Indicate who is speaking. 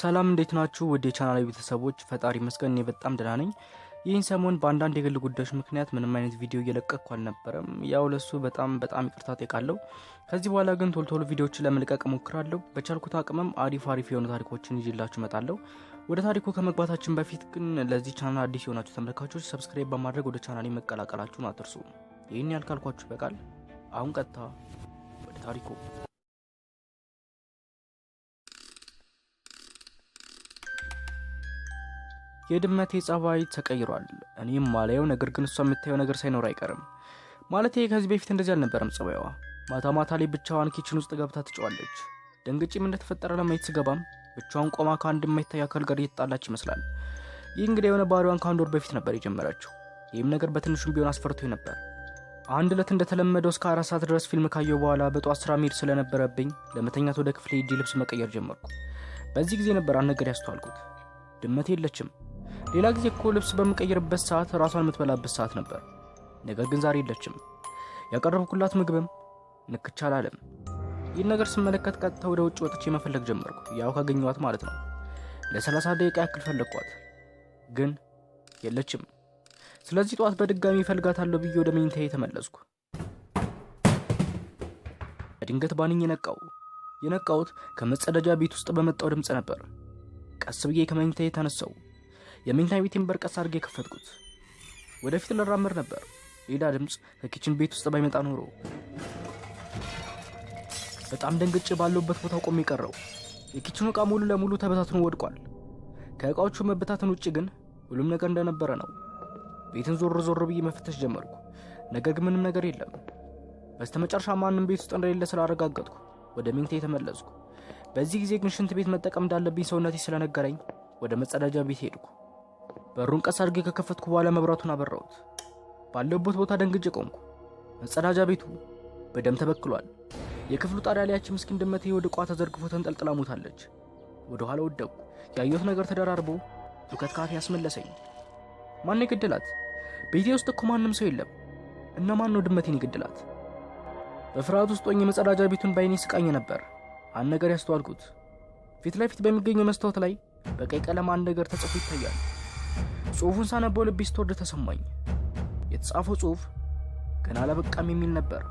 Speaker 1: ሰላም እንዴት ናችሁ? ውድ የቻናል ቤተሰቦች፣ ፈጣሪ መስገን እኔ በጣም ደህና ነኝ። ይህን ሰሞን በአንዳንድ የግል ጉዳዮች ምክንያት ምንም አይነት ቪዲዮ እየለቀቅኩ አልነበረም። ያው ለሱ በጣም በጣም ይቅርታ ጠይቃለሁ። ከዚህ በኋላ ግን ቶልቶሎ ቪዲዮዎችን ለመልቀቅ እሞክራለሁ። በቻልኩት አቅምም አሪፍ አሪፍ የሆኑ ታሪኮችን ይዤላችሁ እመጣለሁ። ወደ ታሪኩ ከመግባታችን በፊት ግን ለዚህ ቻናል አዲስ የሆናችሁ ተመልካቾች ሰብስክራይብ በማድረግ ወደ ቻናል መቀላቀላችሁን አትርሱ። ይህን ያልካልኳችሁ በቃል አሁን ቀጥታ ወደ ታሪኩ
Speaker 2: የድመቴ ጸባይ ተቀይሯል። እኔም ማለየው ነገር ግን እሷ የምታየው ነገር ሳይኖር አይቀርም። ማለት ከዚህ በፊት እንደዚህ አልነበረም ጸባይዋ። ማታ ማታ ላይ ብቻዋን ኪችን ውስጥ ገብታ ትጫዋለች። ደንግጭም እንደተፈጠረ ለማየት ስገባም ብቻዋን ቆማ ከአንድ የማይታይ አካል ጋር እየተጣላች ይመስላል። ይህ እንግዲህ የሆነ ባህሪዋን ከአንድ ወር በፊት ነበር የጀመረችው። ይህም ነገር በትንሹም ቢሆን አስፈርቶ ነበር። አንድ ለት እንደተለመደው እስከ አራት ሰዓት ድረስ ፊልም ካየው በኋላ በጠዋት ስራ መሄድ ስለነበረብኝ ለመተኛት ወደ ክፍሌ ሄጄ ልብስ መቀየር ጀመርኩ። በዚህ ጊዜ ነበር አንድ ነገር ያስተዋልኩት። ድመት የለችም። ሌላ ጊዜ እኮ ልብስ በምቀይርበት ሰዓት ራሷን የምትበላበት ሰዓት ነበር። ነገር ግን ዛሬ የለችም። ያቀረብኩላት ምግብም ንክቻ አላለም። ይህን ነገር ስመለከት ቀጥታ ወደ ውጭ ወጥቼ መፈለግ ጀመርኩ። ያው ካገኘዋት ማለት ነው። ለሰላሳ ደቂቃ ያክል ፈለግኳት፣ ግን የለችም። ስለዚህ ጠዋት በድጋሚ እፈልጋታለሁ ብዬ ወደ መኝታዬ ተመለስኩ። በድንገት ባንኝ የነቃው የነቃውት ከመጸደጃ ቤት ውስጥ በመጣው ድምፅ ነበር። ቀስ ብዬ ከመኝታዬ ተነሳው። የመኝታ ቤቴን በርቀስ አድርጌ የከፈትኩት። ወደፊት ልራመድ ነበር። ሌላ ድምፅ ከኪችን ቤት ውስጥ ባይመጣ ኖሮ በጣም ደንግጬ ባለውበት ቦታ ቆም ቀረው። የኪችኑ እቃ ሙሉ ለሙሉ ተበታትኖ ወድቋል። ከእቃዎቹ መበታተን ውጭ ግን ሁሉም ነገር እንደነበረ ነው። ቤትን ዞር ዞር ብዬ መፈተሽ ጀመርኩ። ነገር ግን ምንም ነገር የለም። በስተመጨረሻ ማንም ቤት ውስጥ እንደሌለ ስላረጋገጥኩ ወደ መኝታ የተመለስኩ። በዚህ ጊዜ ግን ሽንት ቤት መጠቀም እንዳለብኝ ሰውነቴ ስለነገረኝ ወደ መጸዳጃ ቤት ሄድኩ። በሩን ቀስ አድርጌ ከከፈትኩ በኋላ መብራቱን አበራሁት። ባለበት ቦታ ደንግጬ ቆምኩ። መጸዳጃ ቤቱ በደም ተበክሏል። የክፍሉ ጣሪያ ላይ ያቺ ምስኪን ድመቴ ወድቋ ተዘርግፎ ተንጠልጥላ ሞታለች። ወደ ኋላ ወደቅኩ። ያየሁት ነገር ተደራርቦ ትውከት ካፌ ያስመለሰኝ። ማን የገደላት? ቤቴ ውስጥ እኮ ማንም ሰው የለም እና ማን ነው ድመቴን የገደላት? በፍርሃት ውስጥ ሆኜ መጸዳጃ ቤቱን ባይኔ ስቃኝ ነበር። አንድ ነገር ያስተዋልኩት ፊት ለፊት በሚገኘው መስታወት ላይ በቀይ ቀለም አንድ ነገር ተጽፎ ይታያል። ጽሑፉን ሳነበው ልቤ ስትወርድ ተሰማኝ። የተጻፈው ጽሑፍ ገና አላበቃም የሚል ነበር።